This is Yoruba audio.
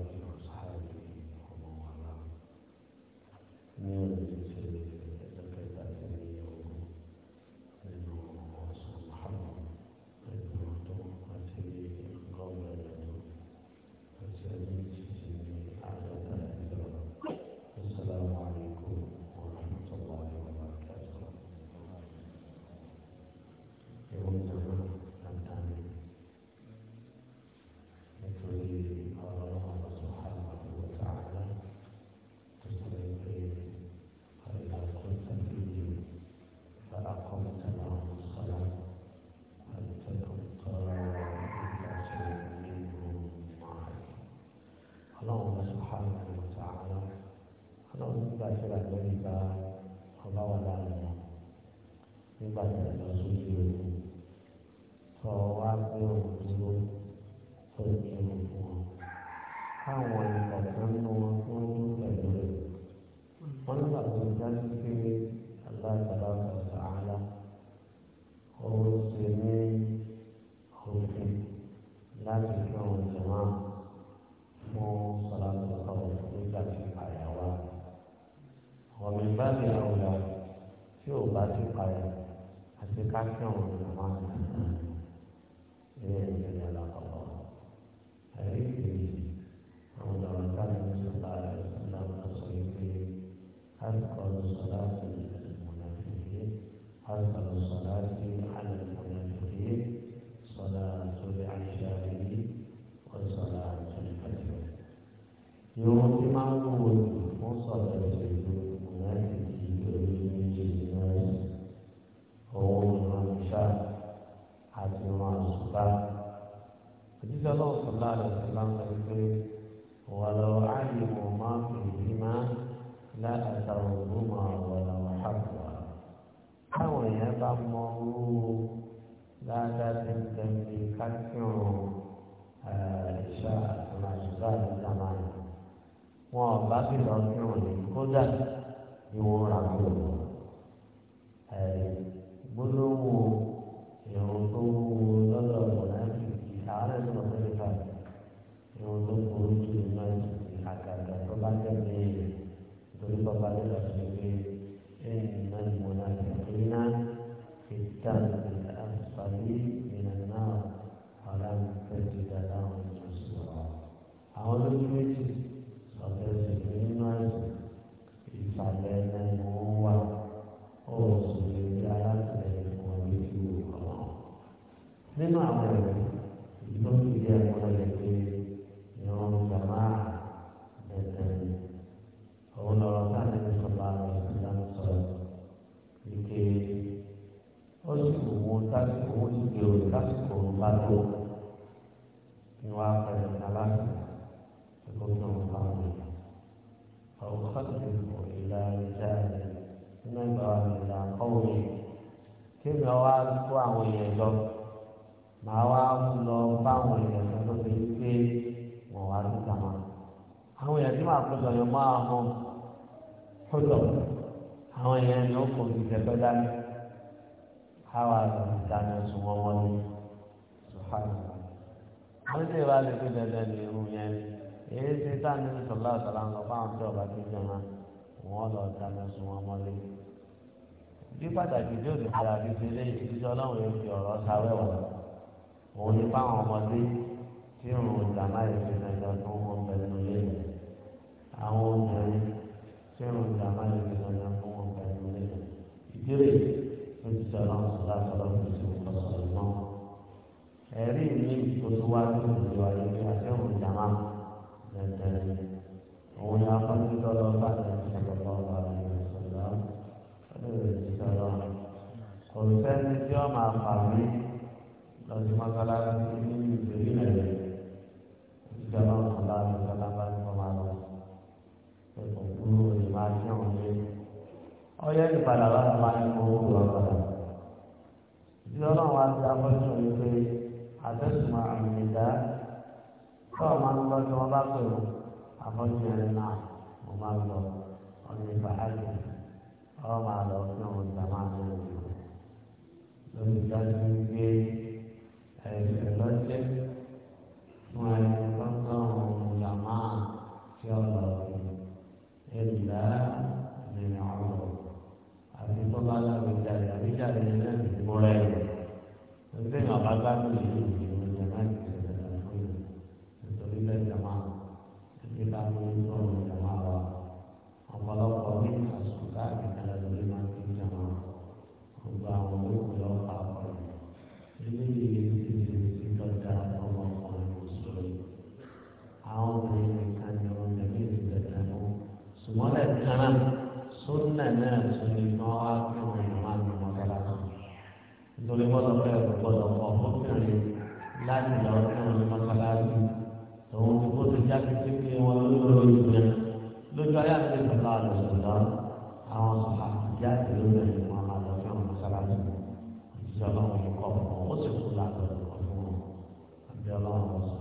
àlejò ọ̀sán. àtàkùn àgbẹ̀rẹ̀ ìgbà ọba wà láàrin wọn nígbà tí a lọ sójú ogun tó wá gbé òun dúró tó ní ìlú fún wọn. káwọn ìkọ̀kan nù wọn. àṣekáyà àṣekáṣẹ́ òun ni wọ́n ń ilé ẹ̀jẹ̀ ní alákọ̀ọ́ ẹ̀rí ìpèyí àwọn ọ̀dọ́ ọ̀dọ́ ní sọ́lá ẹ̀sán náà sọ yìí pé àtúkọ̀ ní sọ́lá sí ilẹ̀. kírun ìṣá àtúnmá ìṣá àtúnmá wọn bá sì lọ kírun ní kódà ìwọ ràgbò gbólóhùn ìrùn tó wúwo lọ́dọ̀ mọ̀láìkì àárẹ̀ tó lọ sẹ́yìn báyìí ìrùn tó burú jù àgàgà tó bá jẹ́ pé nítorí bàbá lè lọ pé ẹ̀yìn náà mọ̀láìkì náà fi dáná. kó ni wàá fẹ̀rẹ̀ aláṣẹ ẹ̀kọ́ tó ń fa wọn yìí. àwọn kọ́ọ̀tù kò ìlà ìjà rẹ̀ nínú ìgbà wà ní ìlà kọ́wọ́ yìí. kí ni wàá kó àwọn èèyàn lọ màá wá lọ bá àwọn èèyàn lọ tó fi gbé wọn wá sí kàmá. àwọn èèyàn tí màá kó lọ mọ kó lọ àwọn èèyàn ni ó kò ní ìfẹ́ pẹ́ dání. ìdáná sun wọn wọlé subhanallah wọ́n sì wá lè fi dandan ní irun yẹn ni èyí ti sáàni ní sọlá sọlá ń lọ fáwọn tí ọba ti jẹun hàn wọ́n lọ dáná sun wọn mọ́lé bí pàtàkì tí ó ti padà fi ṣe lé ìṣiṣẹ́ ọlọ́run yóò fi ọ̀rọ̀ sáwẹ́wà òun ní fáwọn ọmọdé tí òun ìjàmbá yìí fi nàìjọ tó wọ eléyìí tó tó wá tó tó wá lórí àtẹ̀wọ̀n ìjàmá dandan ni òun ni afọ́njú lọ́lọ́ bá tẹ̀sí ọ̀pọ̀lọpọ̀ ọ̀gá ìrìnàṣọ̀lá ọlọ́run ti sọ̀rọ̀ kò sẹ́ni tí ó máa fà mí lọ sí mọ́sálásí ní ìgbèrí rẹ̀ ìjọba ọ̀sọ̀lá ìjọba bá ń bọ̀ máa lọ ẹ̀kọ́ kúrò ìmọ̀ àti ọ̀hún lé ọyẹ́ ìpadà máa ń kó owó lọ́kọ̀ọ́ àtẹ̀sùnmọ̀ àmì ìdá tó o máa ń gbọ́ tí wọ́n bá pè ó àfọ́jú rẹ̀ náà mo máa ń lọ ọ̀nà ìbáàgì ọ̀ máa lọ fún ọmọ ìgbà máa ń lọ sí i lórí ìdájọ́ gbé ẹ̀ṣẹ̀ lọ́jẹ́ fún ẹni. lójú ayé àti ìfọ̀lá àlọ́sọ̀lá àwọn àbíyá ìlú rẹ̀ ni wọ́n máa lọ fún àwọn sáláàtì ìjọba wọn kọ́ ọ́ ó sì kú láàbọ̀ ọ̀fun àbíọ́lá wọn sọ.